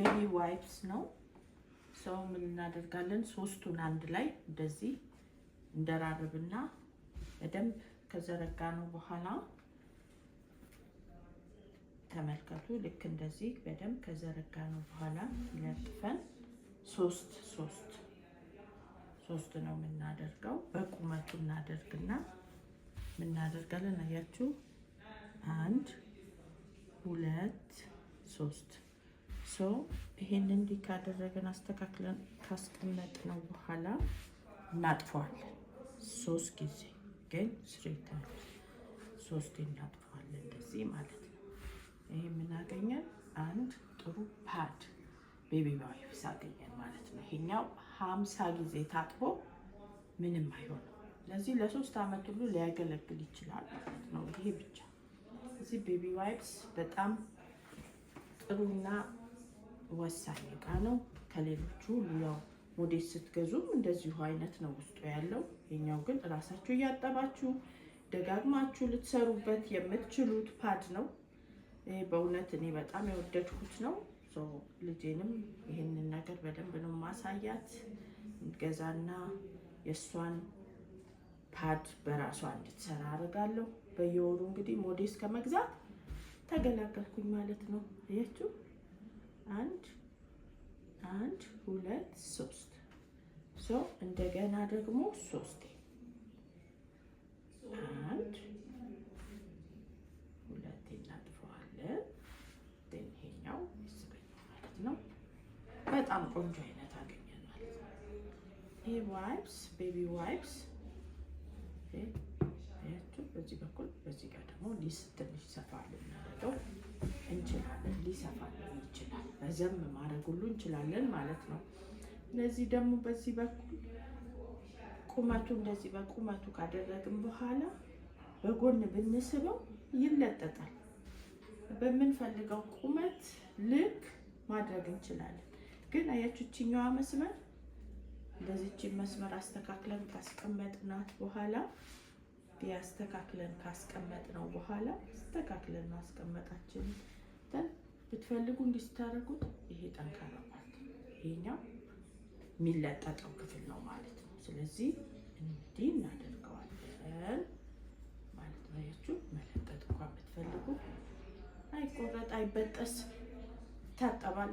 ቤቢ ዋይፕስ ነው። ሰው ምን እናደርጋለን? ሶስቱን አንድ ላይ እንደዚህ እንደራርብና በደንብ ከዘረጋ ነው በኋላ ተመልከቱ። ልክ እንደዚህ በደንብ ከዘረጋ ነው በኋላ ለጥፈን ሶስት ሶስት ሶስት ነው የምናደርገው። በቁመቱ እናደርግና የምናደርጋለን አያችሁ፣ አንድ ሁለት ሶስት ሶ ይሄን እንዲህ ካደረገን አስተካክለን ካስቀመጥነው በኋላ እናጥፈዋለን። ሶስት ጊዜ ግን ስሬታ ሶስት እናጥፈዋለን፣ እንደዚህ ማለት ነው። ይሄ የምናገኘን አንድ ጥሩ ፓድ ቤቢ ዋይፕስ አገኘን ማለት ነው። ይሄኛው ሀምሳ ጊዜ ታጥቦ ምንም አይሆንም። ለዚህ ለሶስት አመት ሁሉ ሊያገለግል ይችላል ማለት ነው። ይሄ ብቻ እዚህ ቤቢ ዋይፕስ በጣም ጥሩና ወሳኝ እቃ ነው። ከሌሎቹ ሁሉ ያው ሞዴል ስትገዙም እንደዚሁ አይነት ነው ውስጡ ያለው። የኛው ግን እራሳችሁ እያጠባችሁ ደጋግማችሁ ልትሰሩበት የምትችሉት ፓድ ነው። በእውነት እኔ በጣም የወደድኩት ነው። ልጄንም ይህንን ነገር በደንብ ነው ማሳያት። ገዛና የእሷን ፓድ በራሷ እንድትሰራ አደርጋለሁ። በየወሩ እንግዲህ ሞዴስ ከመግዛት ተገላገልኩኝ ማለት ነው። አያችሁ። አንድ አንድ ሁለት ሶስት ሶ እንደገና ደግሞ ሶስቴ አንድ ሁለቴ እናጥፈዋለን። ይሄኛው ይስበኛል ማለት ነው። በጣም ቆንጆ አይነት አገኘን ማለት ነው። ይሄ ዋይፕስ ቤቢ ዋይፕስ ያችሁ በዚህ በኩል በዚህ ጋር ደግሞ ሊስ ትንሽ ሰፋ ረዘም ማድረግ ሁሉ እንችላለን ማለት ነው። እነዚህ ደግሞ በዚህ በኩል ቁመቱ እንደዚህ በቁመቱ ካደረግን በኋላ በጎን ብንስበው ይለጠጣል። በምንፈልገው ቁመት ልክ ማድረግ እንችላለን። ግን ችኛዋ መስመር እንደዚች መስመር አስተካክለን ካስቀመጥናት በኋላ ያስተካክለን ካስቀመጥነው በኋላ አስተካክለን ማስቀመጣችን ብትፈልጉ እንዲህ ስታደርጉት ይሄ ጠንካራ ፓርት ነው። ይሄኛው የሚለጠጠው ክፍል ነው ማለት ነው። ስለዚህ እንዲህ እናደርገዋለን ማለት ነው። ያችሁ መለጠጥ እንኳን ብትፈልጉ አይቆረጥ፣ አይበጠስ፣ ይታጠባል።